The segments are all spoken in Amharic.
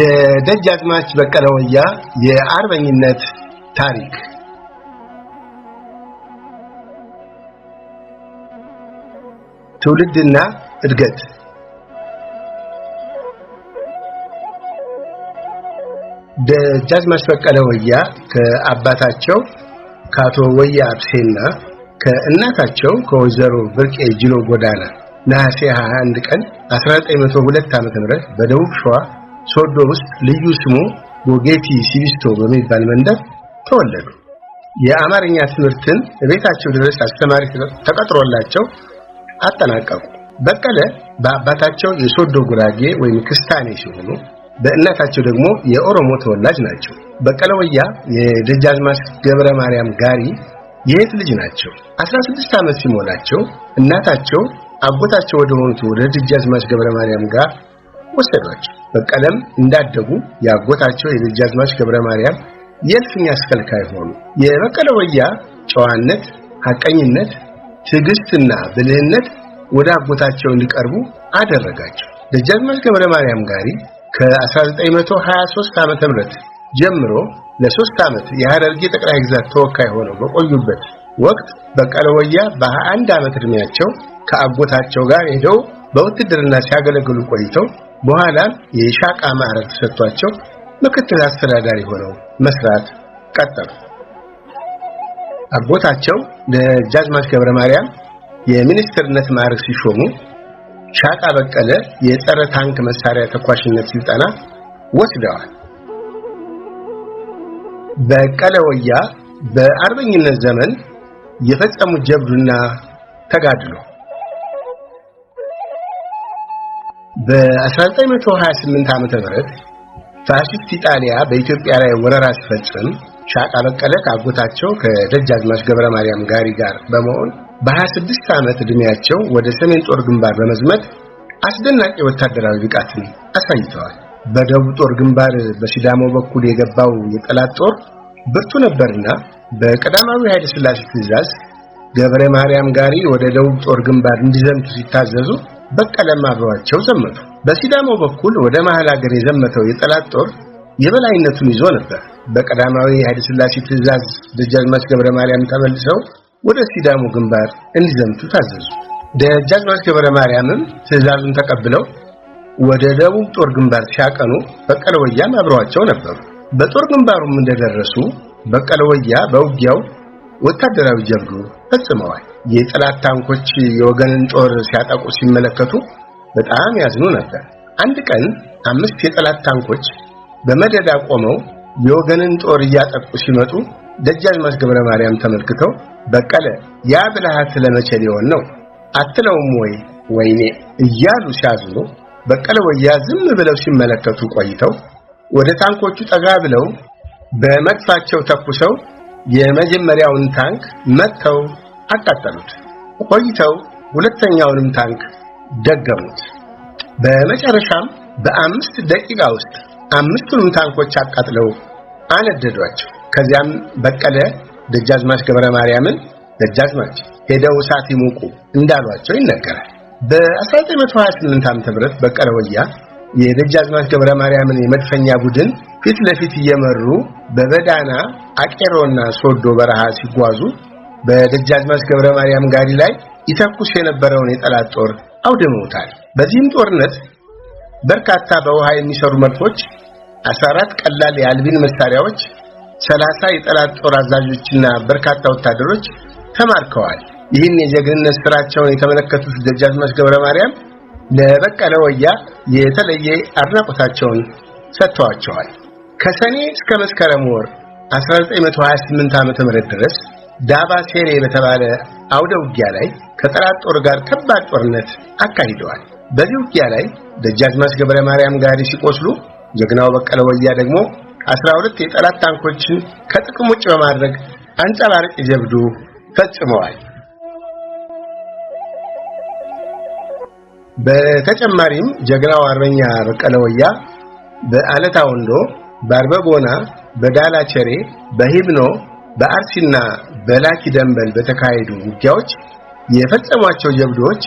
የደጃዝማች በቀለ ወያ የአርበኝነት ታሪክ ትውልድና እድገት ደጃዝማች በቀለ ወያ ከአባታቸው ከአቶ ወያ አብሴና ከእናታቸው ከወይዘሮ ብርቄ ጅሎ ጎዳና ነሐሴ 21 ቀን 1902 ዓ.ም በደቡብ ሸዋ ሶዶ ውስጥ ልዩ ስሙ ጎጌቲ ሲቪስቶ በሚባል መንደር ተወለዱ። የአማርኛ ትምህርትን ቤታቸው ድረስ አስተማሪ ተቀጥሮላቸው አጠናቀቁ። በቀለ በአባታቸው የሶዶ ጉራጌ ወይም ክስታኔ ሲሆኑ በእናታቸው ደግሞ የኦሮሞ ተወላጅ ናቸው። በቀለ ወያ የደጃዝማች ገብረ ማርያም ጋሪ የየት ልጅ ናቸው። 16 ዓመት ሲሞላቸው እናታቸው አጎታቸው ወደ ሆኑት ወደ ደጃዝማች ገብረ ማርያም ጋር ወሰዷቸው። በቀለም እንዳደጉ ያጎታቸው የደጃዝማች ገብረ ማርያም የእልፍኝ አስከልካይ ሆኑ። የበቀለ ወያ ጨዋነት፣ ሐቀኝነት፣ ትዕግስትና ብልህነት ወደ አጎታቸው እንዲቀርቡ አደረጋቸው። ደጃዝማች ገብረ ማርያም ጋሪ ከ1923 ዓመተ ም ጀምሮ ለሶስት ዓመት የሐረርጌ ጠቅላይ ግዛት ተወካይ ሆነው በቆዩበት ወቅት በቀለ ወያ በ21 ዓመት ዕድሜያቸው ከአጎታቸው ጋር ሄደው በውትድርና ሲያገለግሉ ቆይተው በኋላም የሻቃ ማዕረግ ተሰጥቷቸው ምክትል አስተዳዳሪ ሆነው መስራት ቀጠሉ። አጎታቸው ደጃዝማች ገብረ ማርያም የሚኒስትርነት ማዕረግ ሲሾሙ ሻቃ በቀለ የጸረ ታንክ መሳሪያ ተኳሽነት ስልጠና ወስደዋል። በቀለ ወያ በአርበኝነት ዘመን የፈጸሙት ጀብዱና ተጋድሎ በ1928 ዓመተ ምህረት ፋሺስት ኢጣሊያ በኢትዮጵያ ላይ ወረራ ሲፈጽም ሻቃ በቀለ ከአጎታቸው ከደጃዝማች ገብረ ማርያም ጋሪ ጋር በመሆን በ26 ዓመት ዕድሜያቸው ወደ ሰሜን ጦር ግንባር በመዝመት አስደናቂ ወታደራዊ ብቃትን አሳይተዋል። በደቡብ ጦር ግንባር በሲዳሞ በኩል የገባው የጠላት ጦር ብርቱ ነበርና በቀዳማዊ ኃይለ ሥላሴ ትዕዛዝ ገብረ ማርያም ጋሪ ወደ ደቡብ ጦር ግንባር እንዲዘምቱ ሲታዘዙ በቀለም አብረዋቸው ዘመቱ። በሲዳሞ በኩል ወደ መሃል ሀገር የዘመተው የጠላት ጦር የበላይነቱን ይዞ ነበር። በቀዳማዊ ኃይለ ሥላሴ ትእዛዝ ደጃዝማች ገብረ ማርያም ተመልሰው ወደ ሲዳሞ ግንባር እንዲዘምቱ ታዘዙ። ደጃዝማች ገብረ ማርያምም ትእዛዙን ተቀብለው ወደ ደቡብ ጦር ግንባር ሲያቀኑ በቀለ ወያም አብረዋቸው ነበሩ። በጦር ግንባሩም እንደደረሱ በቀለ ወያ በውጊያው ወታደራዊ ጀብዱ ፈጽመዋል። የጠላት ታንኮች የወገንን ጦር ሲያጠቁ ሲመለከቱ በጣም ያዝኑ ነበር። አንድ ቀን አምስት የጠላት ታንኮች በመደዳ ቆመው የወገንን ጦር እያጠቁ ሲመጡ ደጃዝማች ገብረ ማርያም ተመልክተው በቀለ ያ ብልሃት ለመቼ ሊሆን ነው አትለውም ወይ ወይኔ እያሉ ሲያዝኑ በቀለ ወያ ዝም ብለው ሲመለከቱ ቆይተው ወደ ታንኮቹ ጠጋ ብለው በመድፋቸው ተኩሰው የመጀመሪያውን ታንክ መጥተው አቃጠሉት። ቆይተው ሁለተኛውንም ታንክ ደገሙት። በመጨረሻም በአምስት ደቂቃ ውስጥ አምስቱንም ታንኮች አቃጥለው አነደዷቸው። ከዚያም በቀለ ደጃዝማች ገብረ ማርያምን ደጃዝማች ሄደው እሳት ይሙቁ እንዳሏቸው ይነገራል። በ1928 ዓ.ም በቀለ ወያ የደጃዝማች ገብረ ማርያምን የመድፈኛ ቡድን ፊት ለፊት እየመሩ በበዳና አቄሮና ሶዶ በረሃ ሲጓዙ በደጃዝማች ገብረ ማርያም ጋሪ ላይ ይተኩስ የነበረውን የጠላት ጦር አውድመውታል። በዚህም ጦርነት በርካታ በውሃ የሚሰሩ መድፎች፣ 14 ቀላል የአልቢን መሳሪያዎች፣ 30 የጠላት ጦር አዛዦችና በርካታ ወታደሮች ተማርከዋል። ይህን የጀግንነት ስራቸውን የተመለከቱት ደጃዝማች ገብረ ማርያም ለበቀለ ወያ የተለየ አድናቆታቸውን ሰጥተዋቸዋል። ከሰኔ እስከ መስከረም ወር 1928 ዓ.ም ድረስ ዳባ ሴሬ በተባለ አውደ ውጊያ ላይ ከጠላት ጦር ጋር ከባድ ጦርነት አካሂደዋል። በዚህ ውጊያ ላይ ደጃዝማች ገብረ ማርያም ጋሪ ሲቆስሉ፣ ጀግናው በቀለ ወያ ደግሞ 12 የጠላት ታንኮችን ከጥቅም ውጭ በማድረግ አንጸባራቂ ጀብዱ ፈጽመዋል። በተጨማሪም ጀግናው አርበኛ በቀለ ወያ በአለታ ወንዶ፣ በአርበቦና፣ ቸሬ፣ በሂብኖ፣ በአርሲና በላኪ ደንበል በተካሄዱ ውጊያዎች የፈጸሟቸው ጀብዶች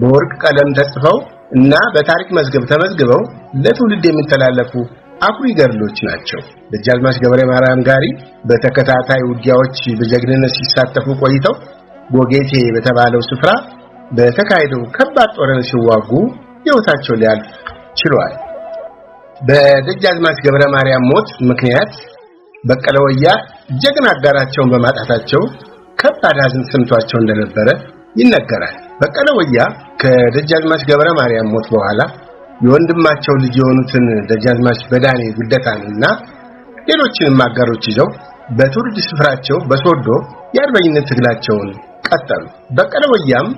በወርቅ ቀለም ተጽፈው እና በታሪክ መዝገብ ተመዝግበው ለትውልድ የሚተላለፉ አኩሪ ገድሎች ናቸው። ደጃዝማች ገብረ ማርያም ጋሪ በተከታታይ ውጊያዎች በጀግንነት ሲሳተፉ ቆይተው ጎጌቴ በተባለው ስፍራ በተካሄደው ከባድ ጦርነት ሲዋጉ ሕይወታቸው ሊያልፍ ችሏል። በደጃዝማች ገብረ ማርያም ሞት ምክንያት በቀለ ወያ ጀግና አጋራቸውን በማጣታቸው ከባድ ሐዘን ሰምቷቸው እንደነበረ ይነገራል። በቀለ ወያ ከደጃዝማች ገብረ ማርያም ሞት በኋላ የወንድማቸው ልጅ የሆኑትን ደጃዝማች በዳኔ ጉደታንና ሌሎችንም አጋሮች ይዘው በትውልድ ስፍራቸው በሶዶ የአርበኝነት ትግላቸውን ቀጠሉ። በቀለ ወያም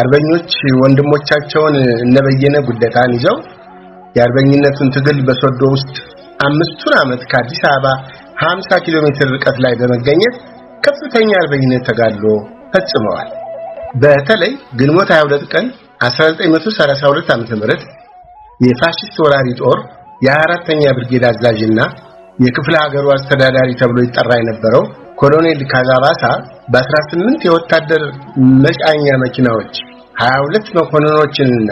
አርበኞች ወንድሞቻቸውን እነበየነ ጉደታን ይዘው የአርበኝነቱን ትግል በሶዶ ውስጥ አምስቱን ዓመት ከአዲስ አበባ 50 ኪሎ ሜትር ርቀት ላይ በመገኘት ከፍተኛ አርበኝነት ተጋድሎ ፈጽመዋል። በተለይ ግንቦት 22 ቀን 1932 ዓ.ም የፋሽስት ወራሪ ጦር የአራተኛ ብርጌድ አዛዥና የክፍለ ሀገሩ አስተዳዳሪ ተብሎ ይጠራ የነበረው ኮሎኔል ካዛባሳ በ18 የወታደር መጫኛ መኪናዎች 22 መኮንኖችንና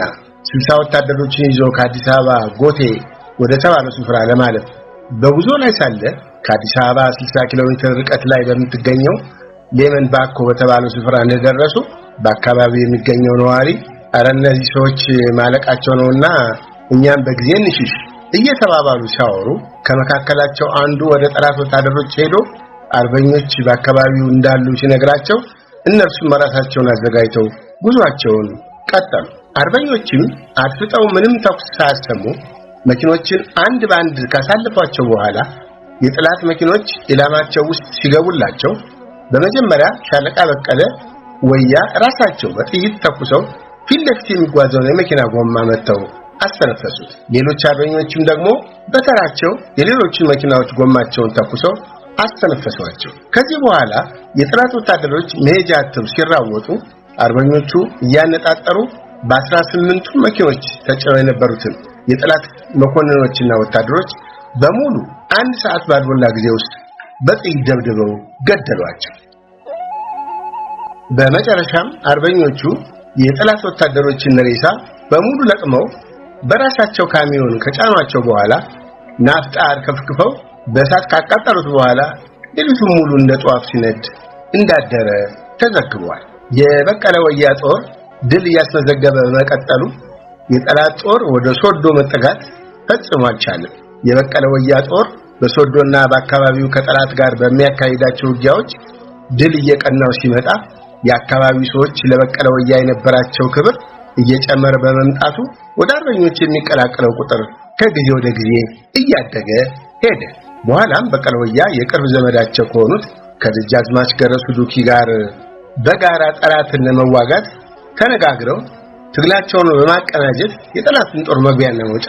60 ወታደሮችን ይዞ ከአዲስ አበባ ጎቴ ወደ ተባለ ስፍራ ለማለፍ በጉዞ ላይ ሳለ ከአዲስ አበባ 60 ኪሎ ሜትር ርቀት ላይ በምትገኘው ሌመን ባኮ በተባለ ስፍራ እንደደረሱ በአካባቢው የሚገኘው ነዋሪ አረ እነዚህ ሰዎች ማለቃቸው ነውና እኛም በጊዜ እንሽሽ እየተባባሉ ሲያወሩ ከመካከላቸው አንዱ ወደ ጠላት ወታደሮች ሄዶ አርበኞች በአካባቢው እንዳሉ ሲነግራቸው እነርሱም በራሳቸውን አዘጋጅተው ጉዟቸውን ቀጠሉ። አርበኞችም አድፍጠው ምንም ተኩስ ሳያሰሙ መኪኖችን አንድ በአንድ ካሳለፏቸው በኋላ የጥላት መኪኖች ኢላማቸው ውስጥ ሲገቡላቸው በመጀመሪያ ሻለቃ በቀለ ወያ ራሳቸው በጥይት ተኩሰው ፊት ለፊት የሚጓዘውን የመኪና ጎማ መተው አስተነፈሱት። ሌሎች አርበኞችም ደግሞ በተራቸው የሌሎችን መኪናዎች ጎማቸውን ተኩሰው አስተነፈሷቸው። ከዚህ በኋላ የጠላት ወታደሮች መሄጃ አጥተው ሲራወጡ አርበኞቹ እያነጣጠሩ በ 18 መኪኖች ተጭነው የነበሩትን የጠላት መኮንኖችና ወታደሮች በሙሉ አንድ ሰዓት ባልሞላ ጊዜ ውስጥ በጥይት ደብድበው ገደሏቸው። በመጨረሻም አርበኞቹ የጠላት ወታደሮችን ሬሳ በሙሉ ለቅመው በራሳቸው ካሚዮን ከጫኗቸው በኋላ ናፍጣ አርከፍክፈው በእሳት ካቃጠሉት በኋላ ሌሊቱን ሙሉ እንደ ጧፍ ሲነድ እንዳደረ ተዘግቧል። የበቀለ ወያ ጦር ድል እያስመዘገበ በመቀጠሉ የጠላት ጦር ወደ ሶዶ መጠጋት ፈጽሞ አልቻለም። የበቀለ ወያ ጦር በሶዶና በአካባቢው ከጠላት ጋር በሚያካሂዳቸው ውጊያዎች ድል እየቀናው ሲመጣ የአካባቢው ሰዎች ለበቀለ ወያ የነበራቸው ክብር እየጨመረ በመምጣቱ ወደ አርበኞች የሚቀላቀለው ቁጥር ከጊዜ ወደ ጊዜ እያደገ ሄደ። በኋላም በቀለ ወያ የቅርብ ዘመዳቸው ከሆኑት ከደጃዝማች ገረሱ ዱኪ ጋር በጋራ ጠላትን ለመዋጋት ተነጋግረው ትግላቸውን በማቀናጀት የጠላትን ጦር መግቢያና መውጫ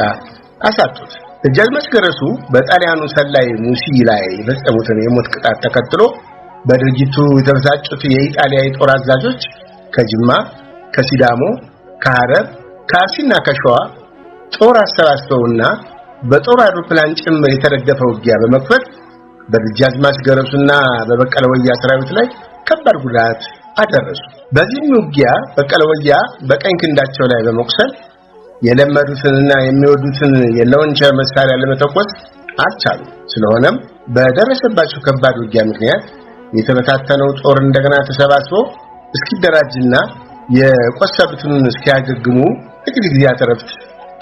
አሳጡት። ደጃዝማች ገረሱ በጣሊያኑ ሰላይ ሙሲ ላይ የፈጸሙትን የሞት ቅጣት ተከትሎ በድርጊቱ የተበሳጩት የኢጣሊያ የጦር አዛዦች ከጅማ፣ ከሲዳሞ፣ ከሐረር፣ ከአርሲና ከሸዋ ጦር አሰባስበውና በጦር አውሮፕላን ጭምር የተደገፈ ውጊያ በመክፈት በደጃዝማች ገረሱና በበቀለ ወያ ሰራዊት ላይ ከባድ ጉዳት አደረሱ። በዚህም ውጊያ በቀለ ወያ በቀኝ ክንዳቸው ላይ በመቁሰል የለመዱትንና የሚወዱትን የለወንቸር መሳሪያ ለመተኮስ አልቻሉ። ስለሆነም በደረሰባቸው ከባድ ውጊያ ምክንያት የተበታተነው ጦር እንደገና ተሰባስቦ እስኪደራጅና የቆሰሉትን እስኪያገግሙ ጥቂት ጊዜያት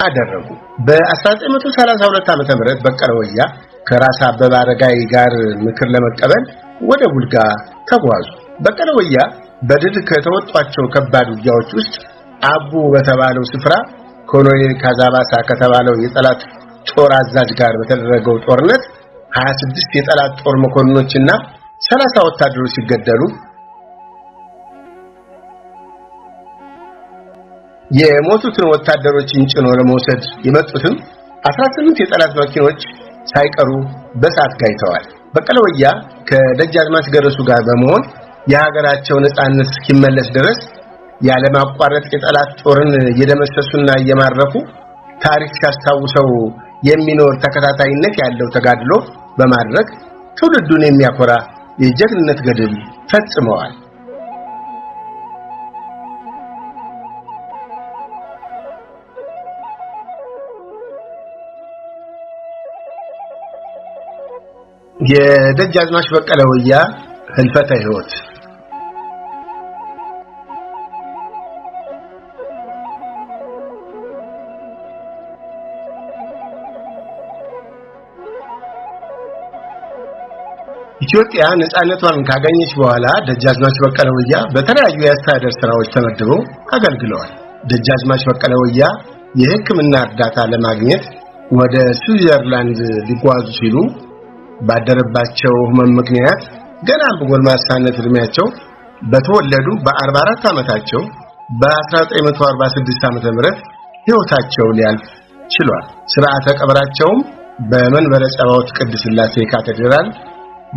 አደረጉ። በ1932 ዓ.ም በቀለ ወያ ከራስ አበበ አረጋይ ጋር ምክር ለመቀበል ወደ ቡልጋ ተጓዙ። በቀለ ወያ በድል ከተወጧቸው ከባድ ውጊያዎች ውስጥ አቡ በተባለው ስፍራ ኮሎኔል ካዛባሳ ከተባለው የጠላት ጦር አዛዥ ጋር በተደረገው ጦርነት 26 የጠላት ጦር መኮንኖችና 30 ወታደሮች ሲገደሉ የሞቱትን ወታደሮችን ጭኖ ለመውሰድ የመጡትም 18 የጠላት መኪኖች ሳይቀሩ በሳት ጋይተዋል። በቀለ ወያ ከደጃዝማች ገረሱ ጋር በመሆን የሀገራቸው ነፃነት እስኪመለስ ድረስ ያለማቋረጥ የጠላት ጦርን እየደመሰሱና እየማረኩ ታሪክ ሲያስታውሰው የሚኖር ተከታታይነት ያለው ተጋድሎ በማድረግ ትውልዱን የሚያኮራ የጀግንነት ገድል ፈጽመዋል። የደጃዝማች በቀለ ወያ ህልፈተ ህይወት ኢትዮጵያ ነፃነቷን ካገኘች በኋላ ደጃዝማች በቀለ ወያ በተለያዩ የአስተዳደር ስራዎች ተመድበው አገልግለዋል። ደጃዝማች በቀለ ወያ የህክምና እርዳታ ለማግኘት ወደ ስዊዘርላንድ ሊጓዙ ሲሉ ባደረባቸው ህመም ምክንያት ገና በጎልማሳነት እድሜያቸው በተወለዱ በ44 ዓመታቸው በ1946 ዓ.ም ምህረት ህይወታቸው ሊያልፍ ችሏል። ስርዓተ ቀብራቸውም በመንበረ ጸባዖት ቅድስት ሥላሴ ካቴድራል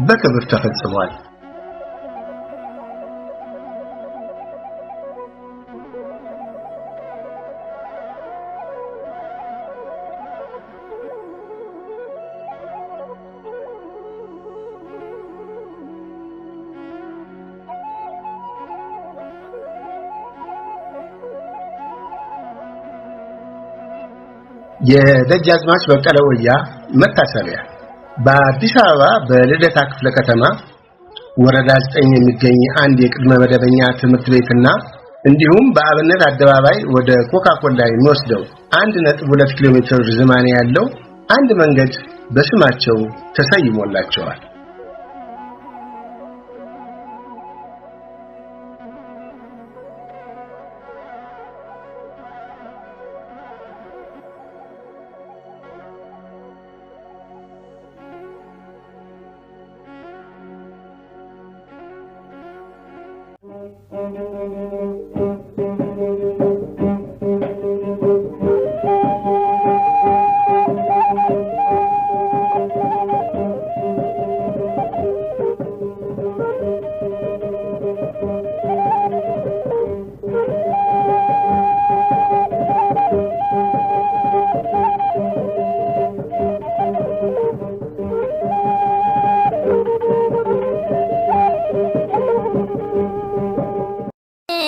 በክብር ተፈጽሟል። የደጃዝማች በቀለ ወያ መታሰቢያ በአዲስ አበባ በልደታ ክፍለ ከተማ ወረዳ 9 የሚገኝ አንድ የቅድመ መደበኛ ትምህርት ቤትና እንዲሁም በአብነት አደባባይ ወደ ኮካኮላ የሚወስደው 1.2 ኪሎ ሜትር ዝማኔ ያለው አንድ መንገድ በስማቸው ተሰይሞላቸዋል።